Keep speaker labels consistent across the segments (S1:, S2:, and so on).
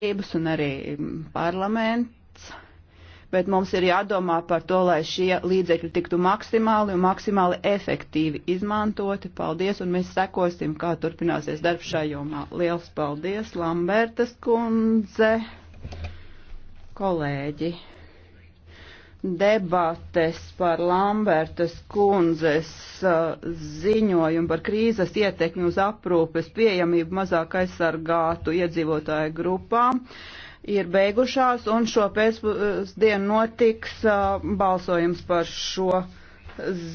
S1: valdības un arī mm, parlaments, bet mums ir jādomā par to, lai šie līdzekļi tiktu maksimāli un maksimāli efektīvi izmantoti. Paldies, un mēs sekosim, kā turpināsies darbs šajā jomā. Liels paldies, Lambertas kundze, kolēģi! debates par Lambertas kundzes uh, ziņojumu par krīzes ietekmi uz aprūpes pieejamību mazāk aizsargātu iedzīvotāju grupām ir beigušās, un šo pēcpusdienu notiks uh, balsojums par šo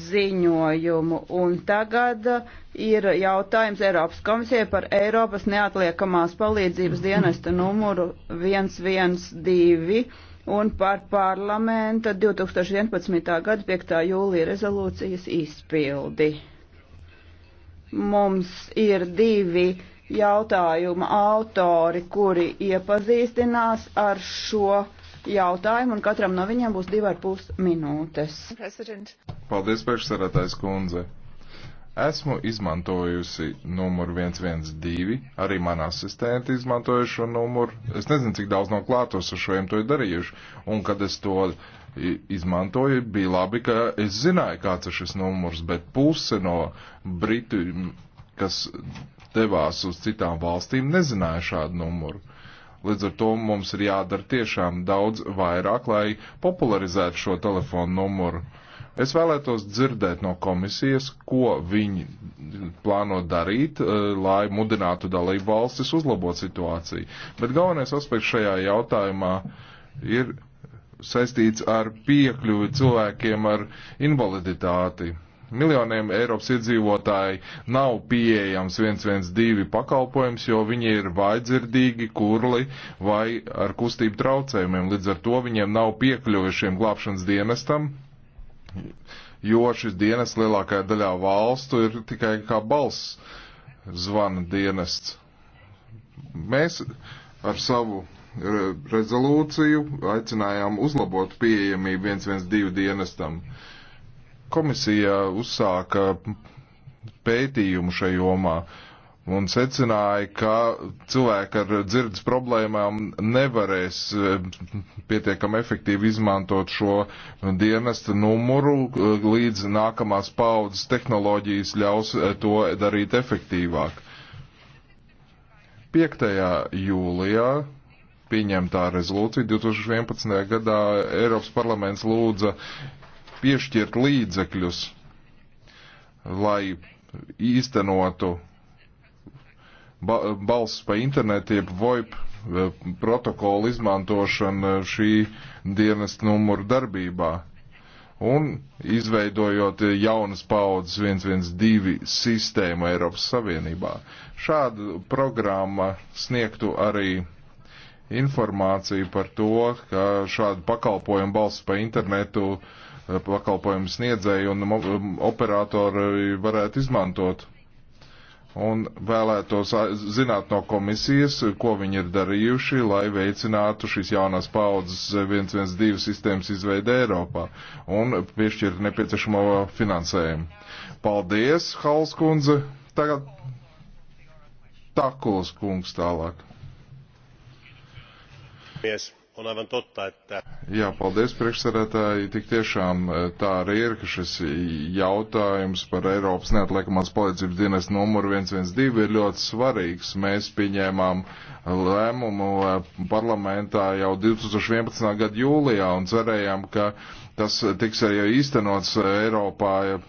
S1: ziņojumu. Un tagad uh, ir jautājums Eiropas komisijai par Eiropas neatliekamās palīdzības dienesta numuru 112 un par parlamenta 2011. gada 5. jūlija rezolūcijas izpildi. Mums ir divi jautājuma autori, kuri iepazīstinās ar šo jautājumu, un katram no viņiem būs divi ar pus minūtes. President.
S2: Paldies, priekšsarētājs kundze. Esmu izmantojusi numuru 112, arī mana asistente izmantoja šo numuru. Es nezinu, cik daudz no klātosošajiem to ir darījuši. Un kad es to izmantoju, bija labi, ka es zināju, kāds ir šis numurs, bet puse no Britu, kas devās uz citām valstīm, nezināja šādu numuru. Līdz ar to mums ir jādara tiešām daudz vairāk, lai popularizētu šo telefonu numuru. Es vēlētos dzirdēt no komisijas, ko viņi plāno darīt, eh, lai mudinātu dalību valstis uzlabot situāciju. Bet galvenais aspekts šajā jautājumā ir saistīts ar piekļuvi cilvēkiem ar invaliditāti. Miljoniem Eiropas iedzīvotāji nav pieejams 112 pakalpojums, jo viņi ir vaidzirdīgi, kurli vai ar kustību traucējumiem. Līdz ar to viņiem nav piekļuvi šiem glābšanas dienestam, jo šis dienas lielākajā daļā valstu ir tikai kā balss zvana dienests. Mēs ar savu rezolūciju aicinājām uzlabot pieejamību 112 dienestam. Komisija uzsāka pētījumu šajomā. jomā un secināja, ka cilvēki ar dzirdes problēmām nevarēs eh, pietiekami efektīvi izmantot šo dienesta numuru, eh, līdz nākamās paudzes tehnoloģijas ļaus eh, to darīt efektīvāk. 5. jūlijā pieņemtā rezolūcija 2011. gadā Eiropas parlaments lūdza piešķirt līdzekļus, lai īstenotu ba balss pa internetu, jeb VoIP eh, protokolu izmantošana šī dienas numuru darbībā. Un izveidojot eh, jaunas paudzes 112 sistēmu Eiropas Savienībā. Šāda programma sniegtu arī informāciju par to, ka šādu pakalpojumu balss pa internetu eh, pakalpojumu sniedzēju un operatori varētu izmantot un vēlētos zināt no komisijas, ko viņi ir darījuši, lai veicinātu šīs jaunās paudzes 112 sistēmas izveidu Eiropā un piešķirtu nepieciešamo finansējumu. Paldies, Hals kundze. Tagad Takulas kungs tālāk.
S3: Yes. Un aivan totta, että...
S2: Jā, paldies priekšsarētāji. Tik tiešām eh, tā arī ir, ka šis jautājums par Eiropas neatliekamās palīdzības dienas numuru 112 ir ļoti svarīgs. Mēs pieņēmām lēmumu eh, parlamentā jau 2011. gada jūlijā un cerējām, ka tas tiks arī īstenots Eiropā eh,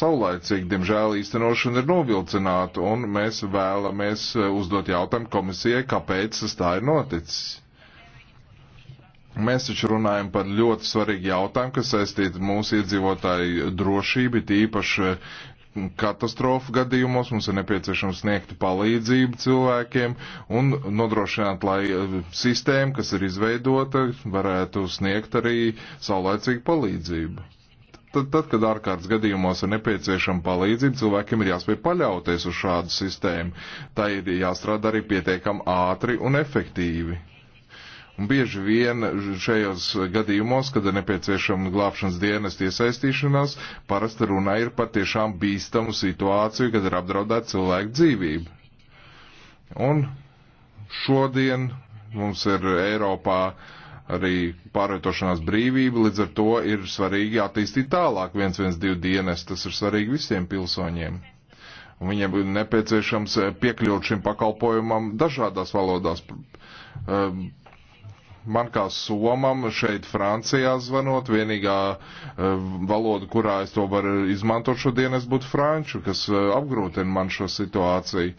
S2: saulaicīgi, diemžēl īstenošana ir novilcināta, un mēs vēlamies uzdot jautājumu komisijai, kāpēc tas tā ir noticis. Mēs taču runājam par ļoti svarīgu jautājumu, kas saistīta mūsu iedzīvotāju drošību, tīpaši katastrofu gadījumos mums ir nepieciešams sniegt palīdzību cilvēkiem un nodrošināt, lai eh, sistēma, kas ir izveidota, varētu sniegt arī saulēcīgu palīdzību. Tad, tad, kad ārkārtas gadījumos ir nepieciešama palīdzība, cilvēkiem ir jāspēj paļauties uz šādu sistēmu. Tā ir jāstrādā arī pietiekam ātri un efektīvi. Un bieži vien šajos gadījumos, kad ir nepieciešama glābšanas dienas iesaistīšanās, parasti runa ir par tiešām bīstamu situāciju, kad ir apdraudēta cilvēka dzīvība. Un šodien mums ir Eiropā arī pārvietošanās brīvība, līdz ar to ir svarīgi attīstīt tālāk 112 dienas, tas ir svarīgi visiem pilsoņiem. Un viņiem ir nepieciešams piekļūt šim pakalpojumam dažādās valodās. Um, man kā somam šeit Francijā zvanot, vienīgā eh, valoda, kurā es to varu izmantot šodien, es būtu franču, kas eh, apgrūtina man šo situāciju.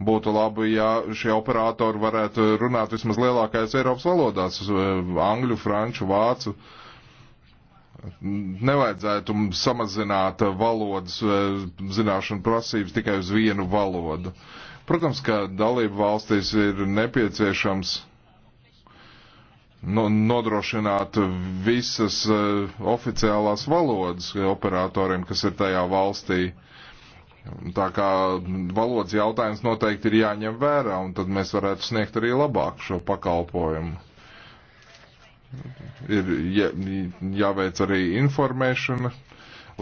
S2: Būtu labi, ja šie operatori varētu runāt vismaz lielākajās Eiropas valodās eh, - angļu, franču, vācu. Nevajadzētu samazināt valodas zināšanu prasības tikai uz vienu valodu. Protams, ka dalību valstīs ir nepieciešams nodrošināt visas eh, oficiālās valodas operatoriem, kas ir tajā valstī. Tā kā valodas jautājums noteikti ir jāņem vērā, un tad mēs varētu sniegt arī labāk šo pakalpojumu. Ir jā, jāveic arī informēšana,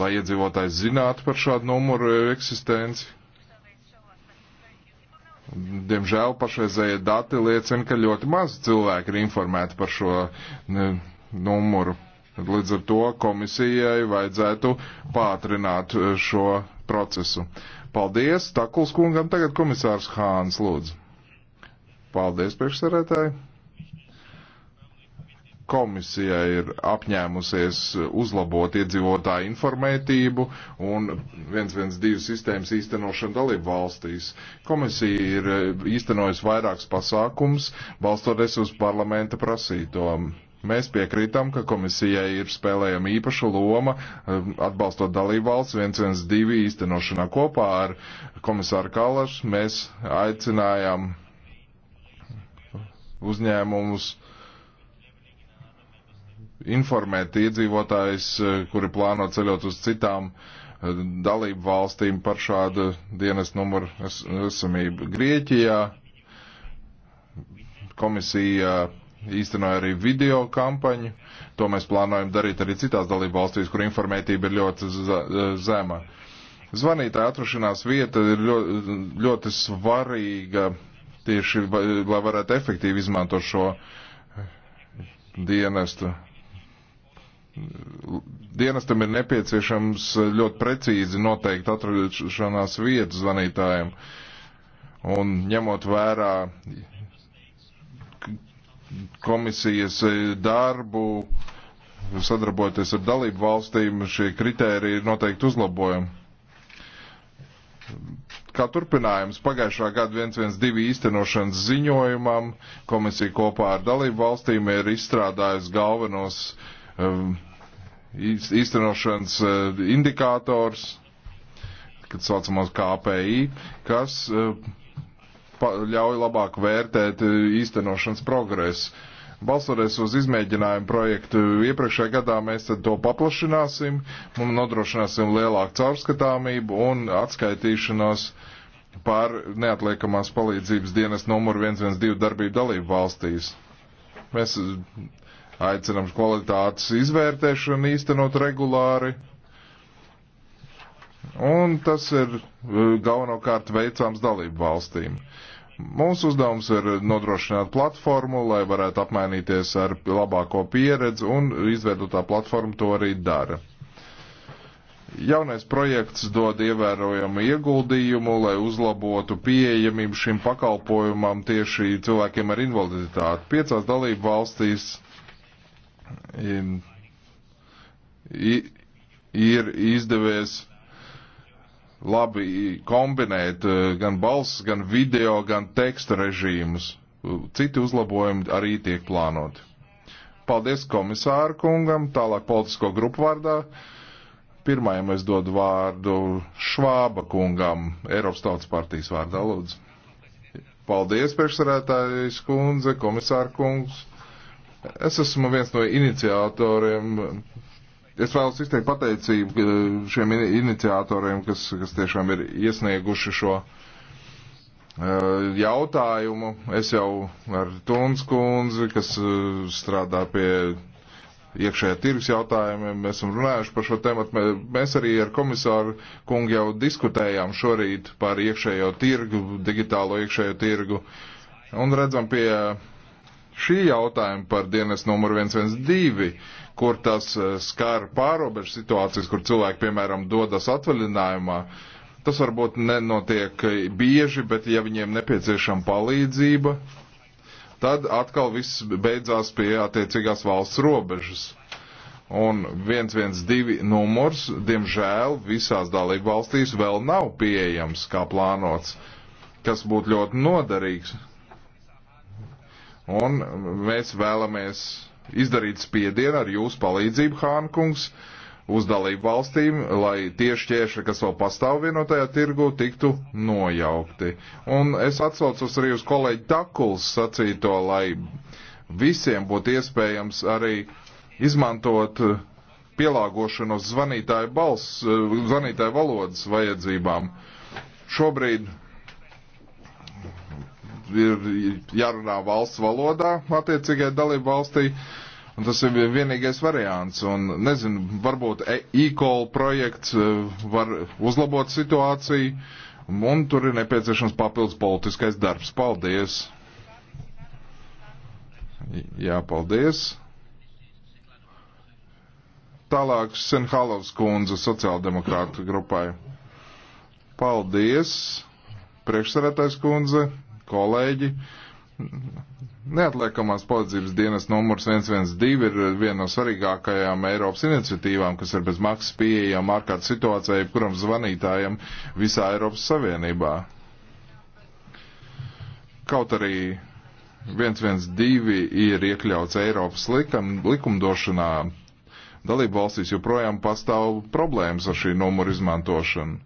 S2: lai iedzīvotājs zinātu par šādu numuru eksistenci. Diemžēl pašreizējie dati liecina, ka ļoti maz cilvēki ir informēti par šo numuru. Līdz ar to komisijai vajadzētu pātrināt eh, šo procesu. Paldies Takuls kungam, tagad komisārs Hāns lūdzu. Paldies priekšsarētāji komisija ir apņēmusies uzlabot iedzīvotāju informētību un 112 sistēmas īstenošanu dalību valstīs. Komisija ir eh, īstenojusi vairākus pasākums, balstoties uz parlamenta prasītom. Mēs piekrītam, ka komisijai ir spēlējama īpaša loma eh, atbalstot dalību valsts 112 īstenošanā. Kopā ar komisāru Kalašu mēs aicinājām uzņēmumus uh, informēt iedzīvotājus, eh, kuri plāno ceļot uz citām eh, dalību valstīm par šādu dienas numuru es, esamību. Grieķijā komisija īstenoja arī video kampaņu. To mēs plānojam darīt arī citās dalību valstīs, kur informētība ir ļoti eh, zema. Zvanītāja atrašanās vieta ir ļoti, ļoti svarīga tieši, lai varētu efektīvi izmantot šo dienestu dienestam ir nepieciešams ļoti precīzi noteikt atrašanās vietas zvanītājiem. Un ņemot vērā komisijas darbu, sadarbojoties ar dalību valstīm, šie kritēriji ir noteikti uzlabojumi. Kā turpinājums pagājušā gada 112 īstenošanas ziņojumam, komisija kopā ar dalību valstīm ir izstrādājusi galvenos um, īstenošanas eh, indikators, kad saucamos KPI, kas eh, ļauj labāk vērtēt eh, īstenošanas progresu. Balsoties uz izmēģinājumu projektu iepriekšējā gadā, mēs to paplašināsim un nodrošināsim lielāku caurskatāmību un atskaitīšanos par neatliekamās palīdzības dienas numuru 112 darbību dalību valstīs. Mēs Aicinam kvalitātes izvērtēšanu īstenot regulāri. Un tas ir e, galvenokārt veicams dalību valstīm. Mūsu uzdevums ir nodrošināt platformu, lai varētu apmainīties ar labāko pieredzi, un izveidotā platforma to arī dara. Jaunais projekts dod ievērojamu ieguldījumu, lai uzlabotu pieejamību šim pakalpojumam tieši cilvēkiem ar invaliditāti. Piecās dalību valstīs ir, ir izdevies labi kombinēt eh, gan balss, gan video, gan teksta režīmus. Citi uzlabojumi arī tiek plānoti. Paldies komisāru kungam, tālāk politisko grupu vārdā. Pirmajam es dodu vārdu Švāba kungam, Eiropas Tautas partijas vārdā, lūdzu. Paldies, priekšsarētājs kundze, komisāra kungs. Es esmu viens no iniciatoriem. Es vēlos izteikt pateicību šiem iniciatoriem, kas, kas tiešām ir iesnieguši šo eh, jautājumu. Es jau ar Tuns kundzi, kas eh, strādā pie iekšējā tirgus jautājumiem, mēs esam runājuši par šo tematu. Mēs arī ar komisāru kungu jau diskutējām šorīt par iekšējo tirgu, digitālo iekšējo tirgu. Un redzam pie šī jautājuma par dienas numuru 112, kur tas eh, skar pārobežu situācijas, kur cilvēki, piemēram, dodas atvaļinājumā. Tas varbūt nenotiek bieži, bet ja viņiem nepieciešama palīdzība, tad atkal viss beidzās pie attiecīgās valsts robežas. Un 112 numurs, diemžēl, visās dalību valstīs vēl nav pieejams, kā plānots, kas būtu ļoti noderīgs Un mēs vēlamies izdarīt spiedienu ar jūsu palīdzību, Hānkungs, uz dalību valstīm, lai tie šķēršļi, kas vēl pastāv vienotajā tirgu, tiktu nojaukti. Un es atsaucos arī uz kolēģi Takuls sacīto, lai visiem būtu iespējams arī izmantot pielāgošanos zvanītāju balss, zvanītāju valodas vajadzībām. Šobrīd ir jārunā valsts valodā attiecīgai dalību valstī. Un tas ir vienīgais variants. Un, nezinu, varbūt e- e-call projekts e, var uzlabot situāciju, un tur ir nepieciešams papildus politiskais darbs. Paldies! Jā, paldies! Tālāk Senhalovs kundze sociāldemokrātu grupai. Paldies, priekšsarētais kundze kolēģi. Neatliekamās palīdzības dienas numurs 112 ir viena no svarīgākajām Eiropas iniciatīvām, kas ir bez maksas pieejama ārkārtas situācijai, jebkuram zvanītājam visā Eiropas Savienībā. Kaut arī 112 ir iekļauts Eiropas likam, likumdošanā, dalību valstīs joprojām pastāv problēmas ar šī numuru izmantošanu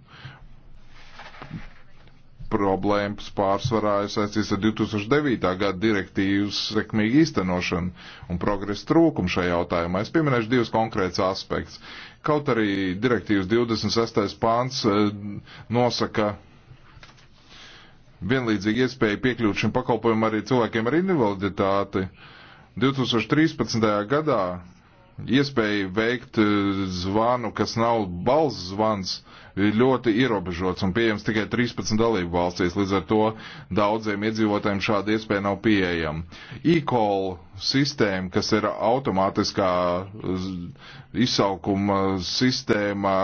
S2: problēmas pārsvarā ir saistīts ar 2009. gada direktīvas sekmīgu īstenošanu un progresa trūkumu šajā jautājumā. Es pieminēšu divus konkrētus aspektus. Kaut arī direktīvas 26. pāns e, nosaka vienlīdzīgi iespēju piekļūt šim pakalpojumam arī cilvēkiem ar invaliditāti. 2013. gadā iespēja veikt e, zvanu, kas nav balss zvans, ļoti ierobežots un pieejams tikai 13 dalību valstīs, līdz ar to daudziem iedzīvotājiem šāda iespēja nav pieejama. E-call sistēma, kas ir automātiskā izsaukuma sistēma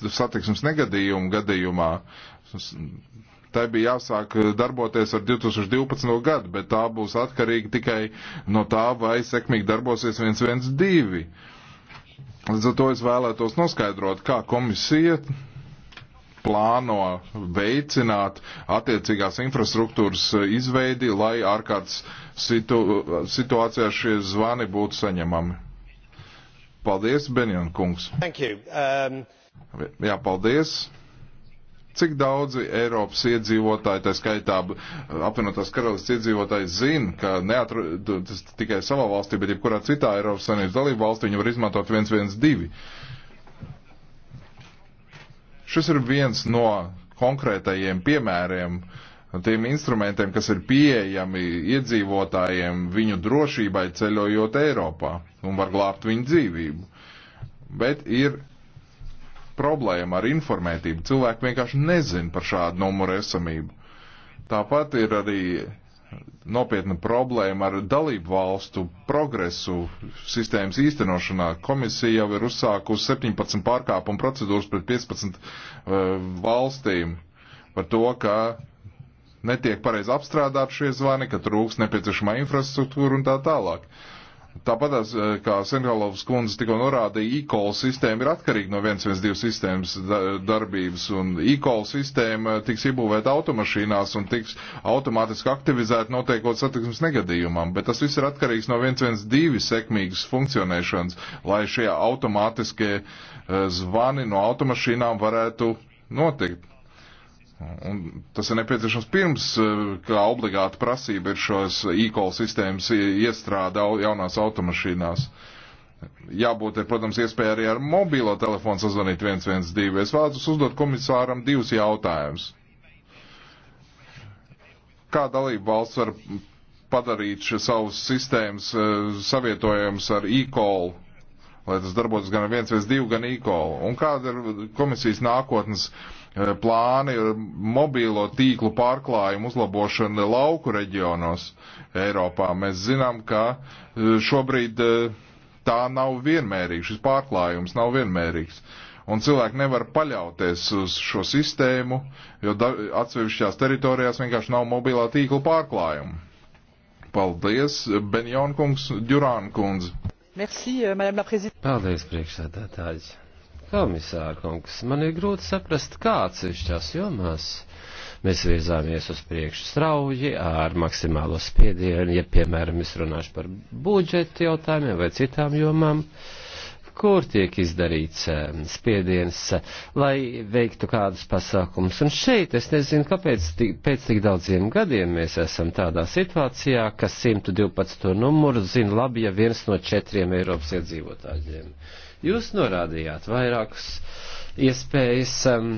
S2: satiksmes negadījumu gadījumā, tai bija jāsāk darboties ar 2012. gadu, bet tā būs atkarīga tikai no tā, vai sekmīgi darbosies 112. Līdz ar to es vēlētos noskaidrot, kā komisija plāno veicināt attiecīgās infrastruktūras izveidi, lai ārkārtas situ situācijā šie zvani būtu saņemami. Paldies, Benjon kungs. Um... Jā, paldies. Cik daudzi Eiropas iedzīvotāji, tā skaitā apvienotās karalists iedzīvotāji, zina, ka neatrodas tikai savā valstī, bet jebkurā citā Eiropas Savienības dalību valstī viņi var izmantot 112. Šis ir viens no konkrētajiem piemēriem, tiem instrumentiem, kas ir pieejami iedzīvotājiem viņu drošībai ceļojot Eiropā un var glābt viņu dzīvību. Bet ir problēma ar informētību. Cilvēki vienkārši nezin par šādu numuru esamību. Tāpat ir arī nopietna problēma ar dalību valstu progresu sistēmas īstenošanā. Komisija jau ir uzsākusi 17 pārkāpumu procedūras pret 15 uh, e, valstīm par to, ka netiek pareizi apstrādāt šie zvani, ka trūks nepieciešamā infrastruktūra un tā tālāk. Uh, Tāpat eh, kā Senhalovs kundze tikko norādīja, e-call sistēma ir atkarīga no 112 sistēmas darbības, un e-call sistēma tiks iebūvēta automašīnās un tiks automātiski aktivizēta noteikot satiksmes negadījumam, bet tas viss ir atkarīgs no 112 sekmīgas funkcionēšanas, lai šie automātiskie eh, zvani no automašīnām varētu notikt. Un tas ir nepieciešams pirms, eh, kā obligāta prasība ir šos e-call sistēmas iestrādā jaunās automašīnās. Jābūt, ir, protams, iespēja arī ar mobilo telefonu sazvanīt 112. Es vēlos uzdot komisāram divus jautājumus. Kā dalība valsts var padarīt savus sistēmas eh, savietojumus ar e-call lai tas darbotos gan 112, gan e-call. Un kāda ir komisijas nākotnes Eh, plāni eh, mobīlo tīklu pārklājumu uzlabošana lauku reģionos Eiropā. Mēs zinām, ka eh, šobrīd tā nav vienmērīga, šis pārklājums nav vienmērīgs. Un cilvēki nevar paļauties uz šo sistēmu, jo atsevišķās teritorijās vienkārši nav mobilā tīkla pārklājuma. Paldies, Benjonkungs, Džurānkundze.
S1: Merci, Madame la Présidente.
S2: Paldies,
S3: priekšsēdētājs. Komisārkungs, man ir grūti saprast, kāds ir šās jomās mēs virzāmies uz priekšu strauji ar maksimālo spiedienu, ja, piemēram, es runāšu par budžeta jautājumiem vai citām jomām, kur tiek izdarīts spiediens, lai veiktu kādus pasākumus. Un šeit es nezinu, kāpēc pēc tik daudziem gadiem mēs esam tādā situācijā, ka 112. numuru zina labi, ja viens no četriem Eiropas iedzīvotājiem. Ja Jūs norādījāt vairākus iespējas. Um,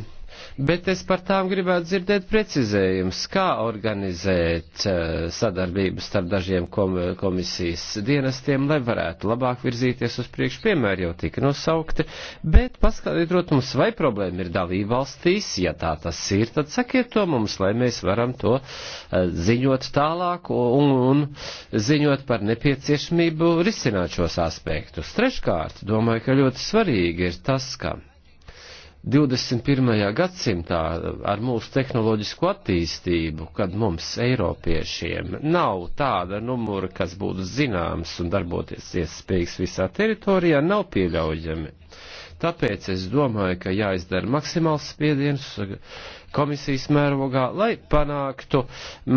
S3: bet es par tām gribētu dzirdēt precizējums, kā organizēt eh, sadarbību starp dažiem komisijas dienestiem, lai varētu labāk virzīties uz priekšu, piemēr jau tika nosaukti, bet paskatītrot mums, vai problēma ir dalībvalstīs, ja tā tas ir, tad sakiet to mums, lai mēs varam to eh, ziņot tālāk un, un ziņot par nepieciešamību risināt šos aspektus. Treškārt, domāju, ka ļoti svarīgi ir tas, ka 21. gadsimtā ar mūsu tehnoloģisko attīstību, kad mums, Eiropiešiem, nav tāda numura, kas būtu zināms un darboties iespējams visā teritorijā, nav pieļaujami. Tāpēc es domāju, ka jāizdara maksimāls spiediens komisijas mērogā, lai panāktu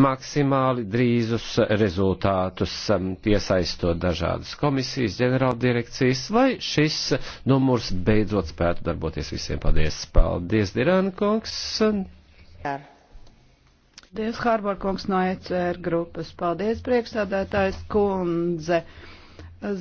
S3: maksimāli drīzus rezultātus, um, piesaistot dažādas komisijas, ģenerāldirekcijas, lai šis numurs beidzot spētu darboties visiem. Paldies! Paldies, Dirāna kungs! Ar.
S1: Paldies, Hārbor kungs no ECR grupas. Paldies, priekšsādātājs kundze.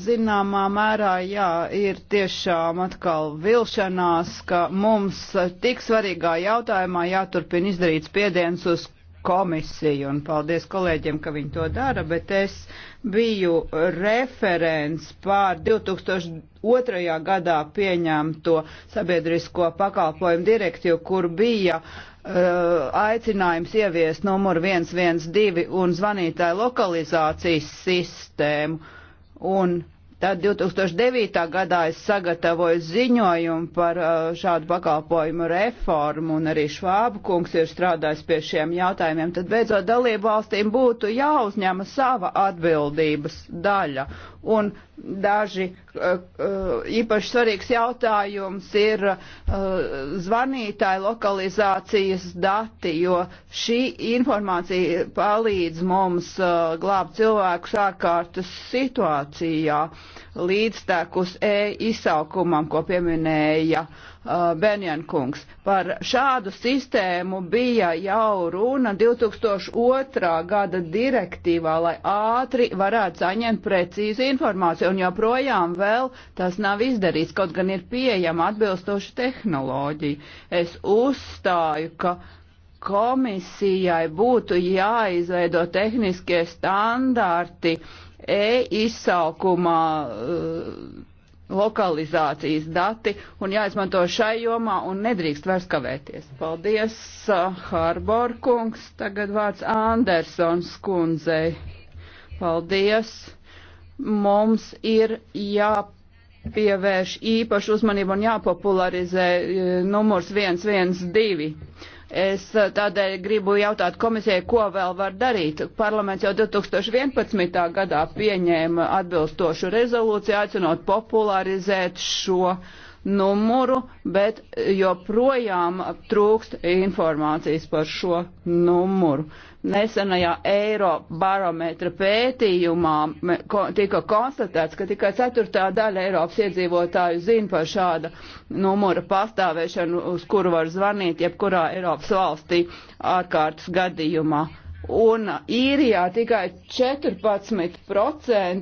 S1: Zināmā mērā, jā, ir tiešām atkal vilšanās, ka mums tik svarīgā jautājumā jāturpina izdarīt spiediens uz komisiju, un paldies kolēģiem, ka viņi to dara, bet es biju referents pār 2002. gadā pieņemto sabiedrisko pakalpojumu direktīvu, kur bija uh, aicinājums ieviest numuru 112 un zvanītāju lokalizācijas sistēmu Un tad 2009. gadā es sagatavoju ziņojumu par uh, šādu pakalpojumu reformu, un arī Švāba kungs ir strādājis pie šiem jautājumiem. Tad beidzot dalību valstīm būtu jāuzņem sava atbildības daļa un daži eh, eh, īpaši svarīgs jautājums ir eh, zvanītāja lokalizācijas dati, jo šī informācija palīdz mums glābt cilvēkus ārkārtas situācijā līdztekus E izsaukumam, ko pieminēja Benjankungs. Par šādu sistēmu bija jau runa 2002. gada direktīvā, lai ātri varētu saņemt precīzi informāciju, un joprojām vēl tas nav izdarīts, kaut gan ir pieejama atbilstoša tehnoloģija. Es uzstāju, ka komisijai būtu jāizveido tehniskie standarti e-izsaukumā. Uh, lokalizācijas dati un jāizmanto šai jomā un nedrīkst vairs kavēties. Paldies, uh, Harbor kungs. Tagad vārds Andersons kundzei. Paldies mums ir jāpievērš īpašu uzmanību un jāpopularizē e, numurs 112. Es e, tādēļ gribu jautāt komisijai, ko vēl var darīt. Parlaments jau 2011. gadā pieņēma atbilstošu rezolūciju, aicinot popularizēt šo uh, numuru, bet joprojām trūkst informācijas par šo numuru. Nesenajā eiro barometra pētījumā tika konstatēts, ka tikai ceturtā daļa Eiropas iedzīvotāju zina par šāda numura pastāvēšanu, uz kuru var zvanīt jebkurā Eiropas valstī ārkārtas gadījumā un īrijā tikai 14%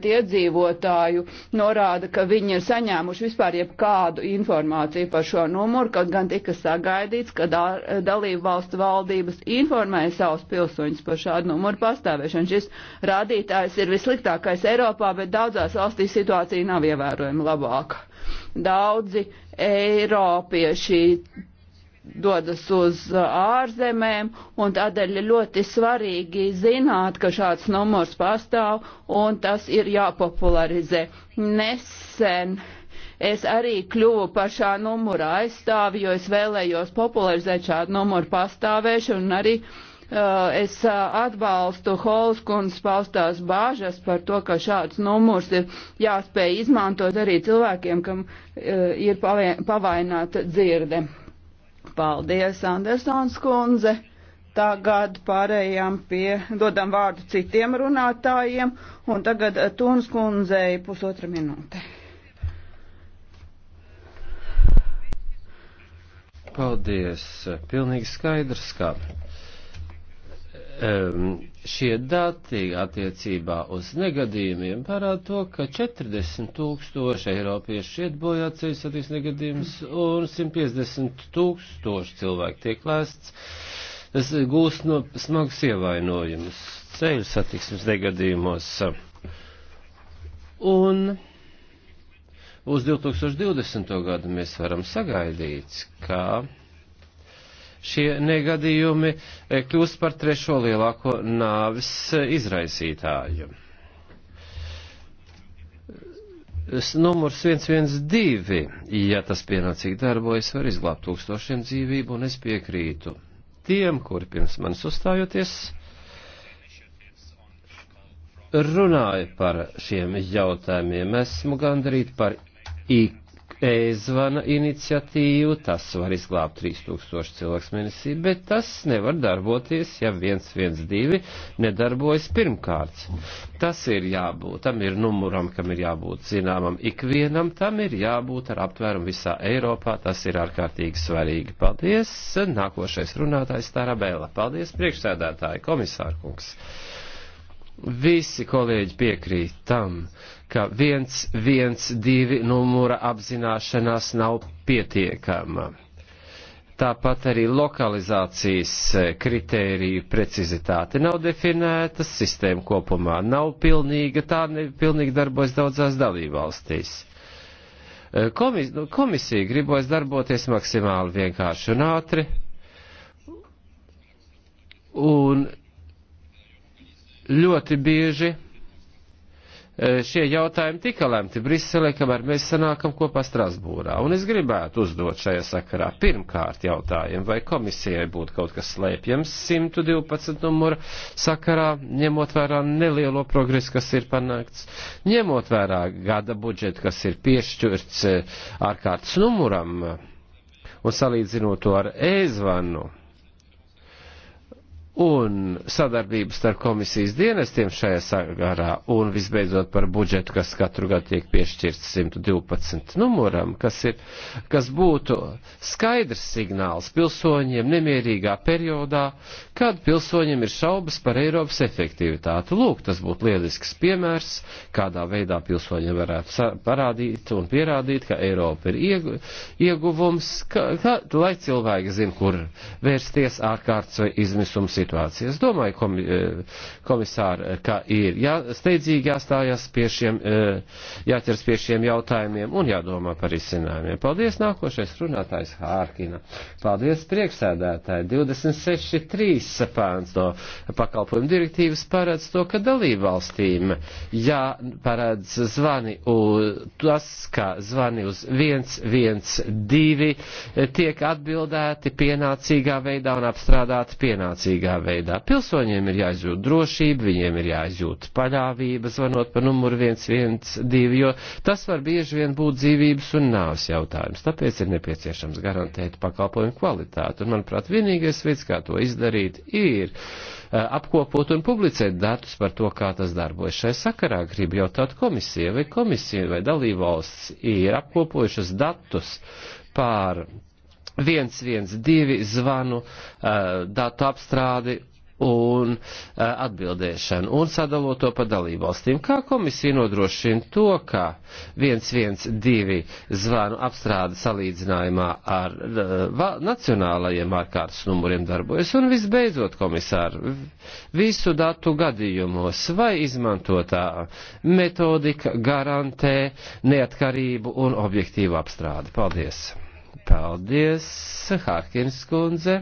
S1: iedzīvotāju norāda, ka viņi ir saņēmuši vispār jebkādu informāciju par šo numuru, kaut gan tika sagaidīts, ka dalību valstu valdības informēja savus pilsoņus par šādu numuru pastāvēšanu. Šis rādītājs ir vissliktākais Eiropā, bet daudzās valstīs situācija nav ievērojami labāka. Daudzi Eiropieši dodas uz uh, ārzemēm, un tādēļ ir ļoti svarīgi zināt, ka šāds numurs pastāv, un tas ir jāpopularizē. Nesen es arī kļuvu par šā numura aizstāvi, jo es vēlējos popularizēt šādu numuru pastāvēšanu, un arī uh, es uh, atbalstu Holskundas paustās bāžas par to, ka šāds numurs ir jāspēj izmantot arī cilvēkiem, kam uh, ir pavaināta dzirde. Paldies, Andersons kundze. Tagad pārējām pie, dodam vārdu citiem runātājiem, un tagad Tūnas kundzei pusotra minūte.
S3: Paldies. Pilnīgi skaidrs, ka um, šie dati attiecībā uz negadījumiem parāda to, ka 40 tūkstoši eiropiešu šeit bojā ceļu satiks negadījums un 150 tūkstoši cilvēku tiek lēsts, tas gūst no smagas ievainojumus ceļu satiksmes negadījumos. Un uz 2020. gadu mēs varam sagaidīt, ka šie negadījumi e, kļūst par trešo lielāko nāvis e, izraisītāju. Numurs 112, ja tas pienācīgi darbojas, var izglābt tūkstošiem dzīvību, un es piekrītu tiem, kuri pirms manis uzstājoties runāja par šiem jautājumiem. Esmu gandrīt par IK e-zvana iniciatīvu, tas var izglābt 3000 cilvēku mēnesī, bet tas nevar darboties, ja 112 nedarbojas pirmkārt. Tas ir jābūt, tam ir numuram, kam ir jābūt zināmam ikvienam, tam ir jābūt ar aptvērumu visā Eiropā, tas ir ārkārtīgi svarīgi. Paldies, nākošais runātājs Tarabēla. Paldies, priekšsēdētāji, komisārkungs. Visi kolēģi piekrīt tam, ka 112 numura apzināšanās nav pietiekama. Tāpat arī lokalizācijas eh, kritēriju precizitāte nav definēta, sistēma kopumā nav pilnīga, tā nepilnīgi darbojas daudzās dalībvalstīs. Eh, komis, nu, komisija gribos darboties maksimāli vienkārši un ātri, un ļoti bieži šie jautājumi tika lemti Briselē, kamēr mēs sanākam kopā Strasbūrā. Un es gribētu uzdot šajā sakarā pirmkārt jautājumu, vai komisijai būtu kaut kas slēpjams 112 numura sakarā, ņemot vērā nelielo progresu, kas ir panākts, ņemot vērā gada budžetu, kas ir piešķirts ārkārtas numuram un salīdzinot to ar e-zvanu un sadarbības starp komisijas dienestiem šajā sagarā, un visbeidzot par budžetu, kas katru gadu tiek piešķirts 112 numuram, kas, ir, kas būtu skaidrs signāls pilsoņiem nemierīgā periodā, kad pilsoņiem ir šaubas par Eiropas efektivitāti. Lūk, tas būtu lielisks piemērs, kādā veidā pilsoņiem varētu parādīt un pierādīt, ka Eiropa ir ieguvums, ka, ka, lai cilvēki zina, kur vērsties ārkārtas vai izmisums situācija. Es domāju, komi, e, komisār, ka ir jā, steidzīgi jāstājas pie šiem, e, jāķers pie šiem jautājumiem un jādomā par izcinājumiem. Paldies, nākošais runātājs Hārkina. Paldies, priekšsēdētāji. 26.3. pāns no pakalpojumu direktīvas paredz to, ka dalību valstīm jāparedz zvani uz tas, ka zvani uz 112 tiek atbildēti pienācīgā veidā un apstrādāti pienācīgā šajā veidā. Pilsoņiem ir jāizjūt drošība, viņiem ir jāizjūt paļāvība, zvanot pa numuru 112, jo tas var bieži vien būt dzīvības un nāves jautājums. Tāpēc ir nepieciešams garantēt pakalpojumu kvalitāti. Un, manuprāt, vienīgais veids, kā to izdarīt, ir eh, apkopot un publicēt datus par to, kā tas darbojas. Šai sakarā gribu jautāt komisijai, vai komisija vai dalībvalsts ir apkopojušas datus pār 112 zvanu uh, datu apstrādi un uh, atbildēšanu un sadalot to pa dalībvalstīm. Kā komisija nodrošina to, ka 112 zvanu apstrāde salīdzinājumā ar uh, nacionālajiem ārkārtas numuriem darbojas? Un visbeidzot, komisāri, visu datu gadījumos vai izmantotā metodika garantē neatkarību un objektīvu apstrādi?
S2: Paldies! Paldies, Hārkins kundze.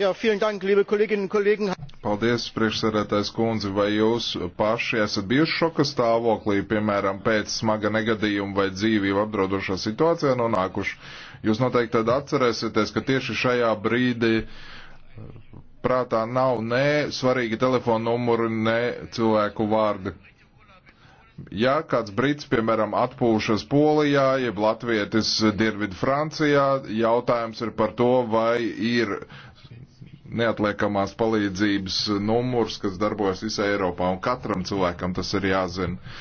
S1: Jā, vielen dank, liebe kolēģi un kolēģi.
S2: Paldies, priekšsēdētājs kundze, vai jūs paši esat bijuši šoka stāvoklī, piemēram, pēc smaga negadījuma vai dzīvību apdraudošā situācijā nonākuši? Jūs noteikti tad atcerēsieties, ka tieši šajā brīdī prātā nav ne svarīgi telefona numuri, ne cilvēku vārdi. Ja kāds brits, piemēram, atpūšas Polijā, jeb latvietis Dirvidu Francijā, jautājums ir par to, vai ir neatliekamās palīdzības numurs, kas darbojas visā Eiropā, un katram cilvēkam tas ir jāzina.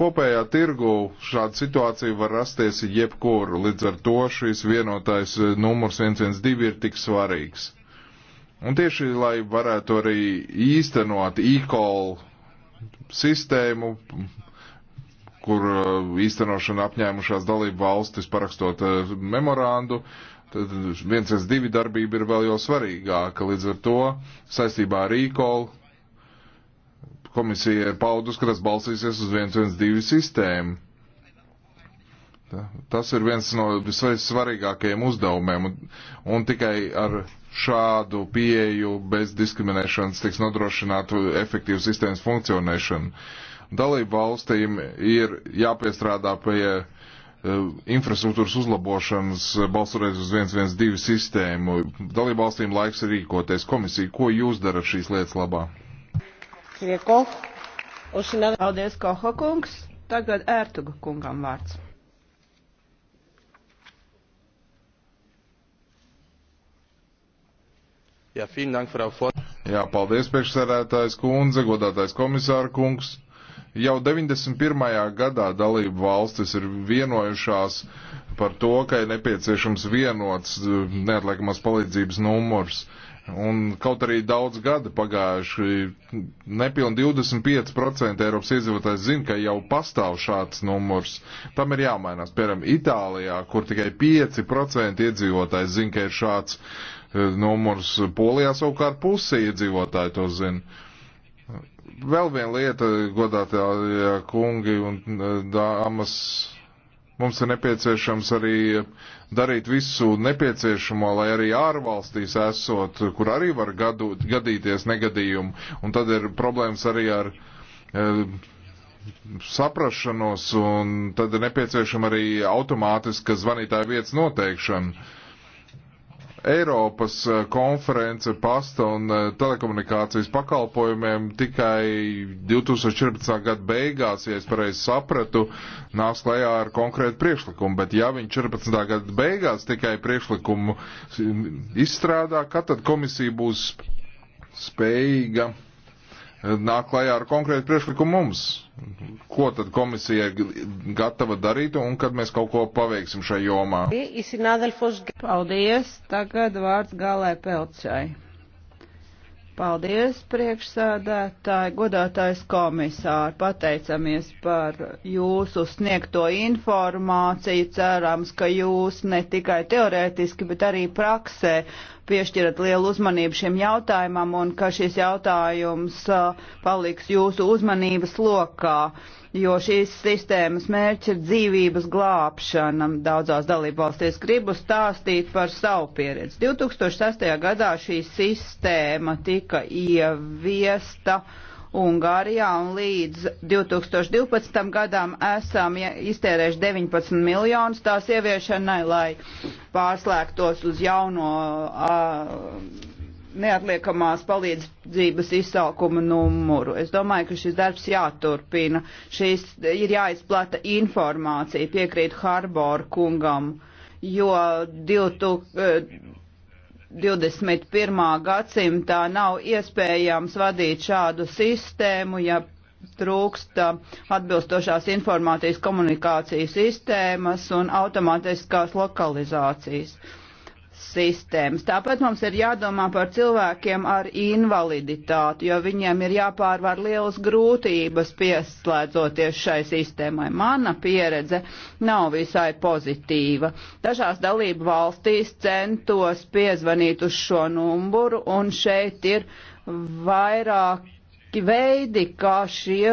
S2: Kopējā tirgu šāda situācija var rasties jebkur, līdz ar to šīs vienotais numurs 112 ir tik svarīgs. Un tieši, lai varētu arī īstenot e-call sistēmu, kur uh, īstenošana apņēmušās dalību valstis parakstot uh, memorandu. Tad 1S2 darbība ir vēl jau svarīgāka. Līdz ar to saistībā ar e-call komisija ir paudus, ka tas balsīsies uz 112 sistēmu. Tas ir viens no visvarīgākajiem uzdevumiem, un, un tikai ar šādu pieeju bez diskriminēšanas tiks nodrošināta efektīva sistēmas funkcionēšana. Uh, Dalību valstīm ir jāpiestrādā pie eh, infrastruktūras uzlabošanas, balsoties uz 112 sistēmu. Dalību valstīm laiks rīkoties. Komisija, ko jūs darat šīs lietas labā?
S1: Paldies, Koha kungs. Tagad ērtuga kungam vārds.
S2: Jā, ja, paldies, priekšsēdētājs kundze, godātais komisāra kungs. Jau 91. gadā dalību valstis ir vienojušās par to, ka ir nepieciešams vienots eh, neatliekamās palīdzības numurs. Un kaut arī daudz gadi pagājuši, nepilni 25% Eiropas iedzīvotājs zina, ka jau pastāv šāds numurs. Tam ir jāmainās. Piemēram, Itālijā, kur tikai 5% iedzīvotājs zina, ka ir šāds eh, numurs, Polijā savukārt pusi iedzīvotāji to zina. Vēl viena lieta, godātā kungi un e, dāmas, mums ir nepieciešams arī darīt visu nepieciešamo, lai arī ārvalstīs esot, kur arī var gadu, gadīties negadījumi. Un tad ir problēmas arī ar e, saprašanos, un tad ir nepieciešama arī automātiska zvanītāja vietas noteikšana Eiropas eh, konference pasta un eh, telekomunikācijas pakalpojumiem tikai 2014. gada beigās, ja es pareizi sapratu, nāks klajā ar konkrētu priekšlikumu, bet ja viņi 14. gada beigās tikai priekšlikumu izstrādā, kad tad komisija būs spējīga nāk klajā ar konkrētu priekšlikumu mums, ko tad komisija gatava darīt un kad mēs kaut ko paveiksim šai jomā.
S1: Paldies, tagad vārds galē pelčai. Paldies, priekšsēdētāji, godātais komisāri, pateicamies par jūsu sniegto informāciju. Cerams, ka jūs ne tikai teorētiski, bet arī praksē piešķirat lielu uzmanību šim jautājumam un ka šis jautājums uh, paliks jūsu uzmanības lokā, jo šīs sistēmas mērķis ir dzīvības glābšana. Daudzās dalībvalstīs gribu stāstīt par savu pieredzi. 2006. gadā šī sistēma tika ieviesta. Ungārijā un līdz 2012. gadam esam iztērējuši 19 miljonus tās ieviešanai, lai pārslēgtos uz jauno uh, neatliekamās palīdzības izsaukumu numuru. Es domāju, ka šis darbs jāturpina, šīs ir jāizplata informācija, piekrīt Harboru kungam, jo 2000, 21. gadsimtā nav iespējams vadīt šādu sistēmu, ja trūksta uh, atbilstošās informācijas komunikācijas sistēmas un automātiskās lokalizācijas. Uh, sistēmas. Tāpat mums ir jādomā par cilvēkiem ar invaliditāti, jo viņiem ir jāpārvar lielas grūtības pieslēdzoties šai sistēmai. Mana pieredze nav visai pozitīva. Dažās dalību valstīs centos piezvanīt uz šo numuru, un šeit ir vairāk veidi, kā šie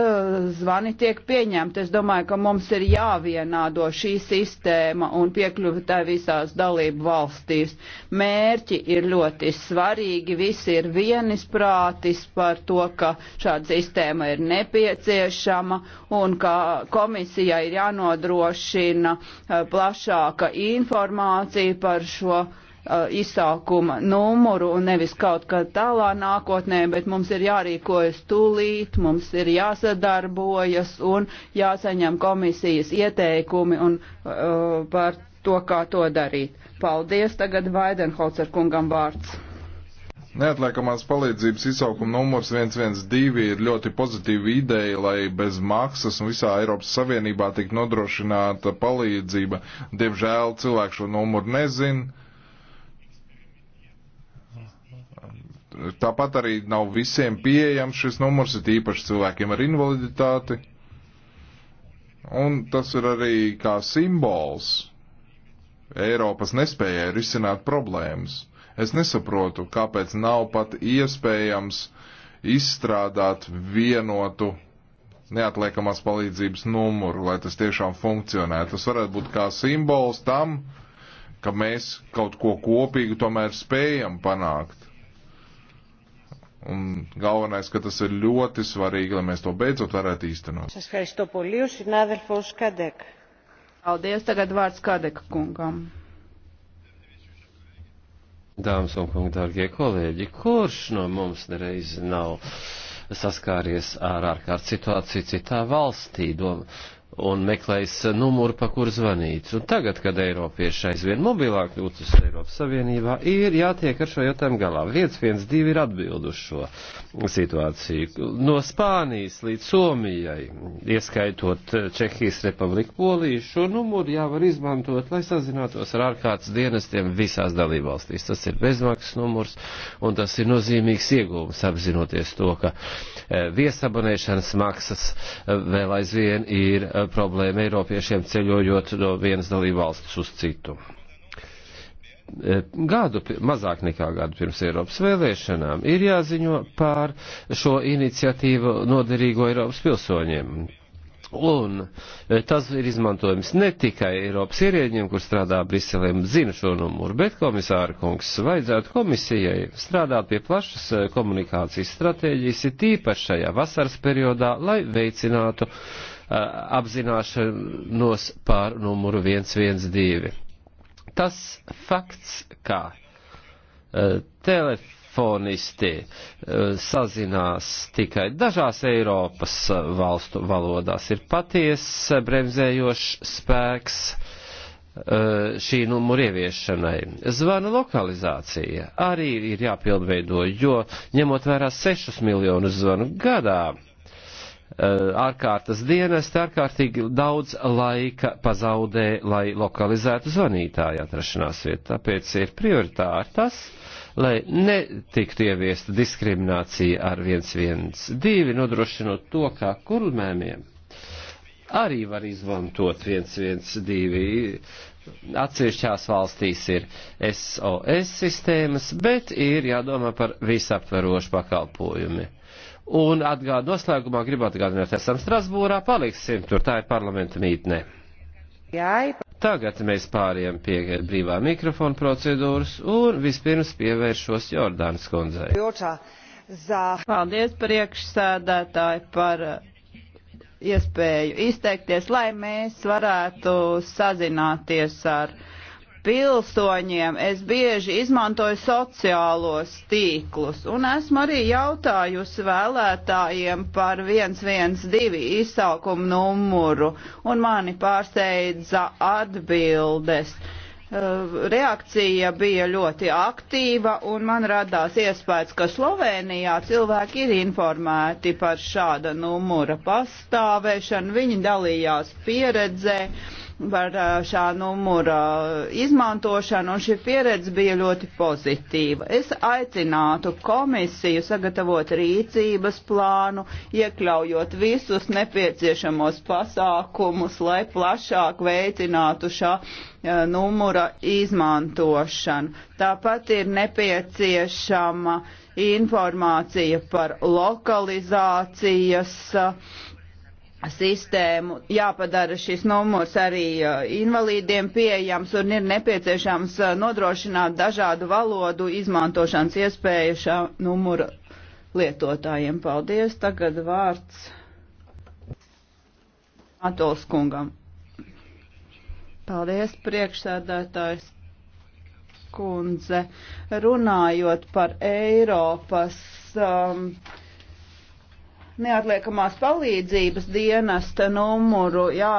S1: zvani tiek pieņemti. Es domāju, ka mums ir jāvienādo šī sistēma un piekļuva tai visās dalību valstīs. Mērķi ir ļoti svarīgi, visi ir vienisprātis par to, ka šāda sistēma ir nepieciešama un ka komisijai ir jānodrošina eh, plašāka informācija par šo Uh, izsākuma numuru un nevis kaut kā tālā nākotnē, bet mums ir jārīkojas tūlīt, mums ir jāsadarbojas un jāsaņem komisijas ieteikumi un, uh, par to, kā to darīt. Paldies, tagad Vaidenholzer kungam vārds.
S2: Neatliekamās palīdzības izsaukuma numurs 112 ir ļoti pozitīva ideja, lai bez maksas un visā Eiropas Savienībā tik nodrošināta palīdzība. Diemžēl cilvēku šo numuru nezinu Tāpat arī nav visiem pieejams šis numurs, ir īpaši cilvēkiem ar invaliditāti. Un tas ir arī kā simbols Eiropas nespējai risināt problēmas. Es nesaprotu, kāpēc nav pat iespējams izstrādāt vienotu neatliekamās palīdzības numuru, lai tas tiešām funkcionē. Tas varētu būt kā simbols tam, ka mēs kaut ko kopīgu tomēr spējam panākt. Un galvenais, ka tas ir ļoti svarīgi, lai mēs to beidzot varētu īstenot.
S1: Paldies, tagad vārds Kadeka kungam.
S2: Dāmas un kungi, dārgie
S3: kolēģi, kurš no mums nereiz nav saskāries ar ārkārtas situāciju citā valstī? Doma, un meklējis numuru, pa kur zvanīt. Un tagad, kad Eiropieši aizvien mobilāk kļūtas Eiropas Savienībā, ir jātiek ar šo jautājumu galā. 112 ir atbildušo situāciju. No Spānijas līdz Somijai, ieskaitot Čehijas Republiku Poliju, šo numuru jāvar izmantot, lai sazinātos ar ārkārtas dienestiem visās dalībvalstīs. Tas ir bezmaksas numurs, un tas ir nozīmīgs iegūms, apzinoties to, ka eh, viesabonēšanas maksas eh, vēl aizvien ir eh, problēma Eiropiešiem ceļojot no vienas dalībvalstis uz citu. E, gadu, mazāk nekā gadu pirms Eiropas vēlēšanām ir jāziņo pār šo iniciatīvu noderīgo Eiropas pilsoņiem. Un e, tas ir izmantojams ne tikai Eiropas ierēģiem, kur strādā Briselē un zina šo numuru, bet komisāra kungs vajadzētu komisijai strādāt pie plašas e, komunikācijas stratēģijas, ir tīpaši šajā vasaras periodā, lai veicinātu uh, apzināšanos pār numuru 112. Tas fakts, kā telefonisti sazinās tikai dažās Eiropas valstu valodās, ir paties bremzējošs spēks šī numura ieviešanai. Zvana lokalizācija arī ir jāpildveido, jo ņemot vērā 6 miljonus zvanu gadā, Eh, ārkārtas dienesti ārkārtīgi daudz laika pazaudē, lai lokalizētu zvanītāju atrašanās vietu. Tāpēc ir prioritāri tas, lai netiktu ieviesta diskriminācija ar 112, nodrošinot to, kā kurlmēmiem arī var izmantot 112. Atsevišķās valstīs ir SOS sistēmas, bet ir jādomā par visaptverošu pakalpojumi Un atgād, noslēgumā gribu atgādināt, esam Strasbūrā, paliksim tur, tā ir parlamenta mītne. Tagad mēs pāriem pie brīvā mikrofona procedūras un vispirms pievēršos Jordānas kundzei.
S1: Paldies priekšsēdētāji par iespēju izteikties, lai mēs varētu sazināties ar pilsoņiem. Es bieži izmantoju sociālos tīklus un esmu arī jautājusi vēlētājiem par 112 izsaukumu numuru un mani pārsteidza atbildes. Uh, reakcija bija ļoti aktīva un man radās iespējas, ka Slovenijā cilvēki ir informēti par šāda numura pastāvēšanu, viņi dalījās pieredzē par šā numura izmantošanu, un šī pieredze bija ļoti pozitīva. Es aicinātu komisiju sagatavot rīcības plānu, iekļaujot visus nepieciešamos pasākumus, lai plašāk veicinātu šā numura izmantošanu. Tāpat ir nepieciešama informācija par lokalizācijas sistēmu, jāpadara šis numurs arī invalīdiem pieejams un ir nepieciešams nodrošināt dažādu valodu izmantošanas iespēju šā numura lietotājiem. Paldies. Tagad vārds Atols kungam. Paldies, priekšsēdētājs kundze. Runājot par Eiropas um, neatliekamās palīdzības dienesta numuru, jā,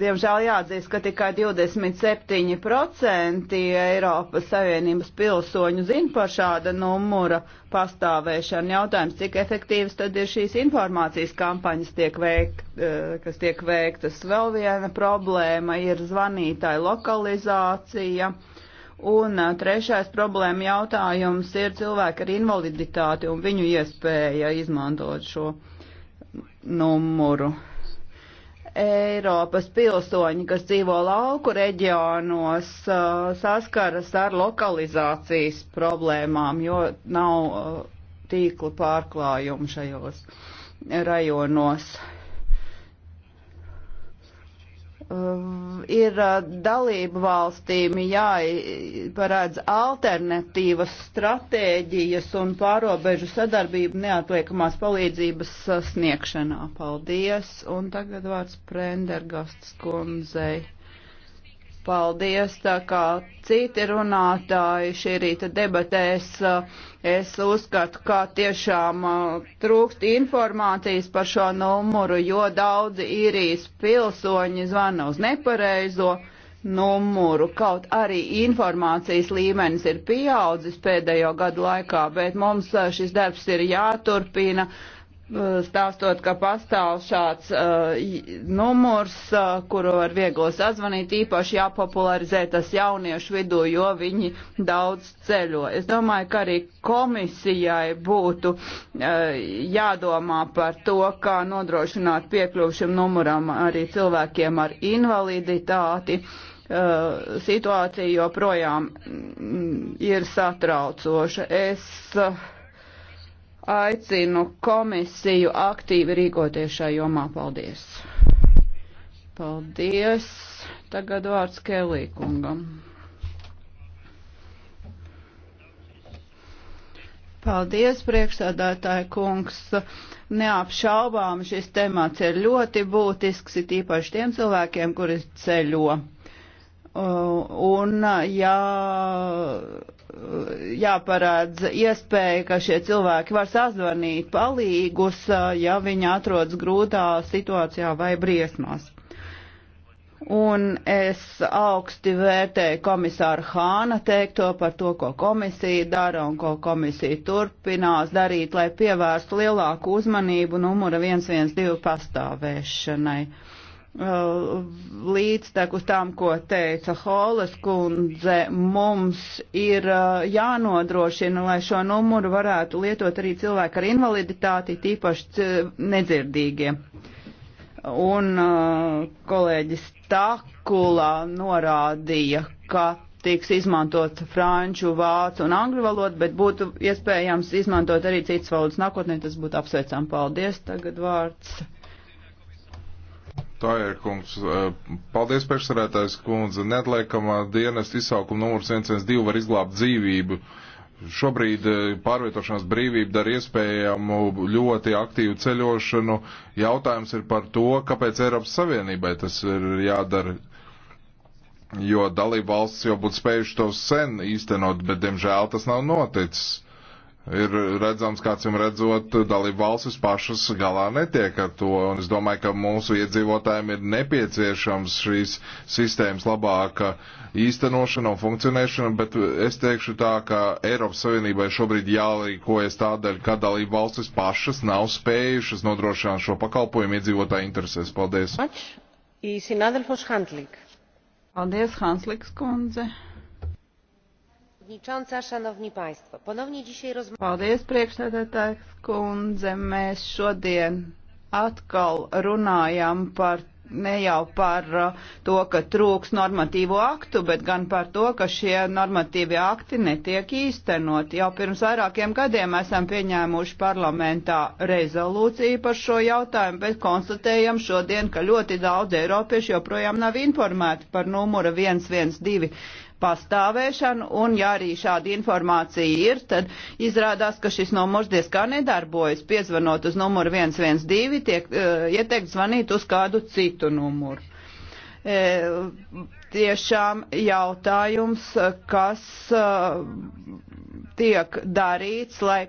S1: diemžēl jāatzīst, ka tikai 27% Eiropas Savienības pilsoņu zin par šāda numura pastāvēšanu. Jautājums, cik efektīvas tad ir šīs informācijas kampaņas, tiek veikt, eh, kas tiek veiktas. Vēl viena problēma ir zvanītāja lokalizācija Un trešais problēma jautājums ir cilvēki ar invaliditāti un viņu iespēja izmantot šo numuru. Eiropas pilsoņi, kas dzīvo lauku reģionos, saskaras ar lokalizācijas problēmām, jo nav tīkla pārklājumu šajos rajonos. Um, ir uh, dalību valstīm jāparedz alternatīvas stratēģijas un pārobežu sadarbību neatliekamās palīdzības sasniegšanā. Paldies! Un tagad vārds Prendergasts kundzei. Paldies, tā kā citi runātāji šī rīta debatēs, eh, es uzskatu, ka tiešām eh, trūkst informācijas par šo numuru, jo daudzi īrijas pilsoņi zvana uz nepareizo numuru. Kaut arī informācijas līmenis ir pieaudzis pēdējo gadu laikā, bet mums eh, šis darbs ir jāturpina stāstot, ka pastāv šāds uh, numurs, uh, kuru var viegli sazvanīt, īpaši jāpopularizē tas jauniešu vidū, jo viņi daudz ceļo. Es domāju, ka arī komisijai būtu uh, jādomā par to, kā nodrošināt piekļuvu šim numuram arī cilvēkiem ar invaliditāti. Uh, situācija joprojām mm, ir satraucoša. Es uh, aicinu komisiju aktīvi rīkoties šajā jomā. Paldies! Paldies! Tagad vārds Kelī kungam. Paldies, priekšsādātāja kungs. Neapšaubām šis temats ir ļoti būtisks, it īpaši tiem cilvēkiem, kuri ceļo. Un, ja jāparādz iespēja, ka šie cilvēki var sazvanīt palīgus, ja viņi atrodas grūtā situācijā vai briesmās. Un es augsti vērtēju komisāru Hāna teikto par to, ko komisija dara un ko komisija turpinās darīt, lai pievērstu lielāku uzmanību numura 112 pastāvēšanai. Uh, Uh, līdztekus tam, ko teica Holas kundze, mums ir uh, jānodrošina, lai šo numuru varētu lietot arī cilvēki ar invaliditāti, tīpaši nedzirdīgie. Un uh, kolēģis Takula norādīja, ka tiks izmantot franču, vācu un angļu valodu, bet būtu iespējams izmantot arī citas valodas nākotnē, tas būtu apsveicām. Paldies, tagad vārds
S2: Tā ir kungs. Paldies, priekšsarētājs kundze. Neatliekamā dienas izsaukuma numurs 112 var izglābt dzīvību. Šobrīd pārvietošanās brīvība dara iespējamu ļoti aktīvu ceļošanu. Jautājums ir par to, kāpēc Eiropas Savienībai tas ir jādara. Jo dalība valsts jau būtu spējuši to sen īstenot, bet, diemžēl, tas nav noticis ir redzams, kāds jums redzot, dalību valstis pašas galā netiek ar to. Un es domāju, ka mūsu iedzīvotājiem ir nepieciešams šīs sistēmas labāka īstenošana un funkcionēšana, bet es teikšu tā, ka Eiropas Savienībai šobrīd jālīkojas tādēļ, ka dalību valstis pašas nav spējušas nodrošināt šo pakalpojumu iedzīvotāju interesēs. Paldies!
S1: Paldies, Hansliks kundze! Paldies, priekšsēdētājs kundze. Mēs šodien atkal runājam par ne jau par uh, to, ka trūks normatīvo aktu, bet gan par to, ka šie normatīvi akti netiek īstenot. Jau pirms vairākiem gadiem esam pieņēmuši parlamentā rezolūciju par šo jautājumu, bet konstatējam šodien, ka ļoti daudz eiropiešu joprojām nav informēti par numura 112 pastāvēšanu, un ja arī šāda informācija ir, tad izrādās, ka šis numurs diezgan nedarbojas. Piezvanot uz numuru 112, tiek uh, ieteikt zvanīt uz kādu citu numuru. E, tiešām jautājums, kas uh, tiek darīts, lai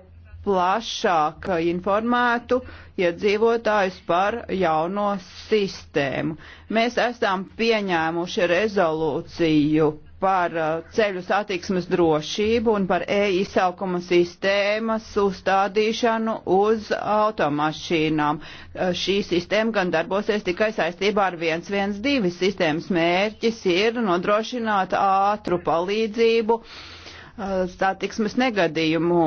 S1: plašāk informētu iedzīvotājus par jauno sistēmu. Mēs esam pieņēmuši rezolūciju par uh, ceļu satiksmes drošību un par e-izsaukuma sistēmas uzstādīšanu uz automašīnām. Uh, šī sistēma gan darbosies tikai saistībā ar 112. Sistēmas mērķis ir nodrošināt ātru palīdzību uh, satiksmes negadījumu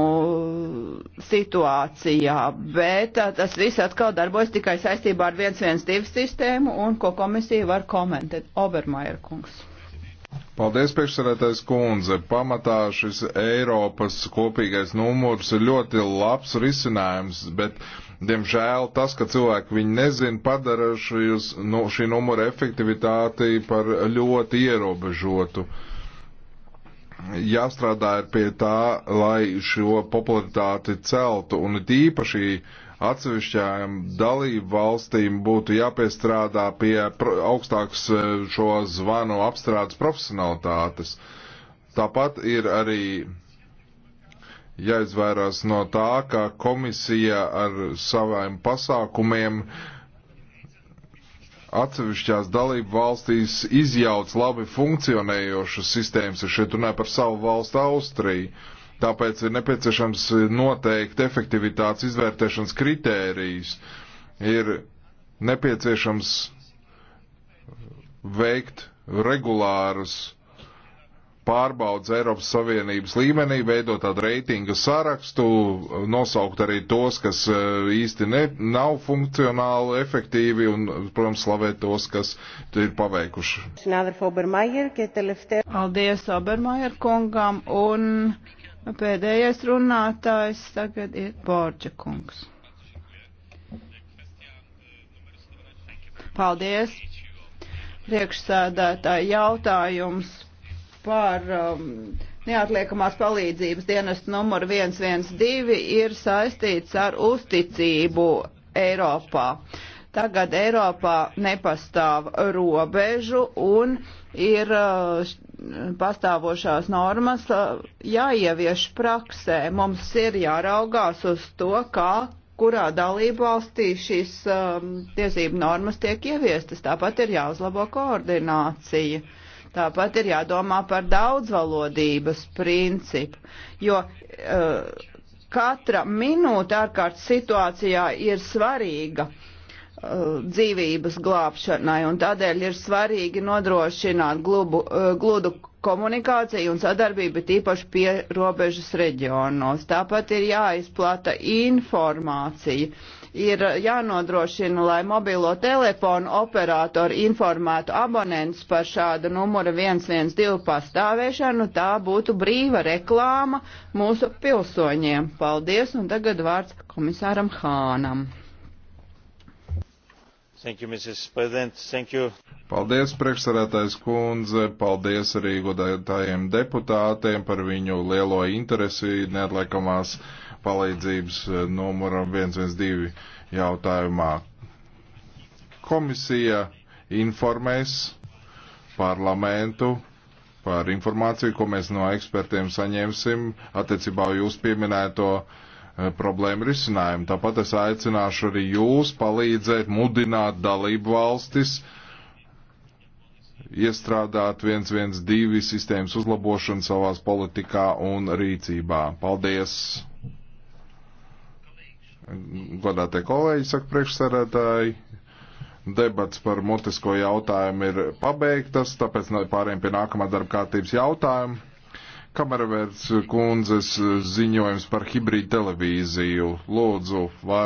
S1: situācijā, bet uh, tas viss atkal darbojas tikai saistībā ar 112 sistēmu un ko komisija var komentēt. Obermajer kungs.
S2: Paldies, priekšsēdētājs kundze. Pamatā šis Eiropas kopīgais numurs ir ļoti labs risinājums, bet, diemžēl, tas, ka cilvēki viņu nezin, padara šis, nu, šī numura efektivitāti par ļoti ierobežotu. Uh, jāstrādā ir pie tā, lai šo popularitāti celtu, un it īpaši atsevišķām dalību valstīm būtu jāpiestrādā pie augstākas e, šo zvanu apstrādes profesionalitātes. Tāpat ir arī jāizvairās no tā, ka komisija ar saviem pasākumiem uh, atsevišķās dalību valstīs izjauc labi funkcionējošas sistēmas, es šeit runāju par savu valstu Austriju. Tāpēc ir nepieciešams noteikt efektivitātes izvērtēšanas kritērijus. Ir nepieciešams veikt regulārus pārbaudas Eiropas Savienības līmenī, veidot tādu reitingu sarakstu, nosaukt arī tos, kas e, īsti ne, nav funkcionāli, efektīvi un, protams, slavēt tos, kas ir paveikuši.
S1: Paldies Obermajer kungam un pēdējais runātājs tagad ir Borģa kungs. Paldies. Priekšsēdētāji jautājums par um, neatliekamās palīdzības dienestu numuru 112 ir saistīts ar uzticību Eiropā. Tagad Eiropā nepastāv robežu un ir uh, pastāvošās normas uh, jāievieš praksē. Mums ir jāraugās uz to, kā kurā dalībvalstī šīs um, tiesību normas tiek ieviestas. Tāpat ir jāuzlabo koordinācija. Uh, Tāpat ir jādomā par daudzvalodības principu, jo uh, katra minūte ārkārtas situācijā ir svarīga uh, dzīvības glābšanai, un tādēļ ir svarīgi nodrošināt glubu, uh, gludu komunikāciju un sadarbību tīpaši pie robežas reģionos. Tāpat ir jāizplata informācija ir jānodrošina, lai mobilo telefonu operatori informētu abonents par šādu numura 112 pastāvēšanu. Tā būtu brīva reklāma mūsu pilsoņiem. Paldies, un tagad vārds komisāram Hānam. Thank you, Mrs. President. Thank you.
S2: Paldies, priekšsarētājs kundze, paldies arī godētājiem deputātiem par viņu lielo interesi neatliekamās palīdzības eh, numuram 112 jautājumā. Komisija informēs parlamentu par informāciju, ko mēs no ekspertiem saņemsim attiecībā jūs pieminēto eh, problēmu risinājumu. Tāpat es aicināšu arī jūs palīdzēt mudināt dalību valstis iestrādāt 112 sistēmas uzlabošanu savās politikā un rīcībā. Paldies! godātie kolēģi, saka priekšsarētāji, debats par mutisko jautājumu ir pabeigtas, tāpēc pārējiem pie nākamā darba kārtības jautājuma. Kameravērts kundzes ziņojums par hibrīd televīziju. Lūdzu, vārdu.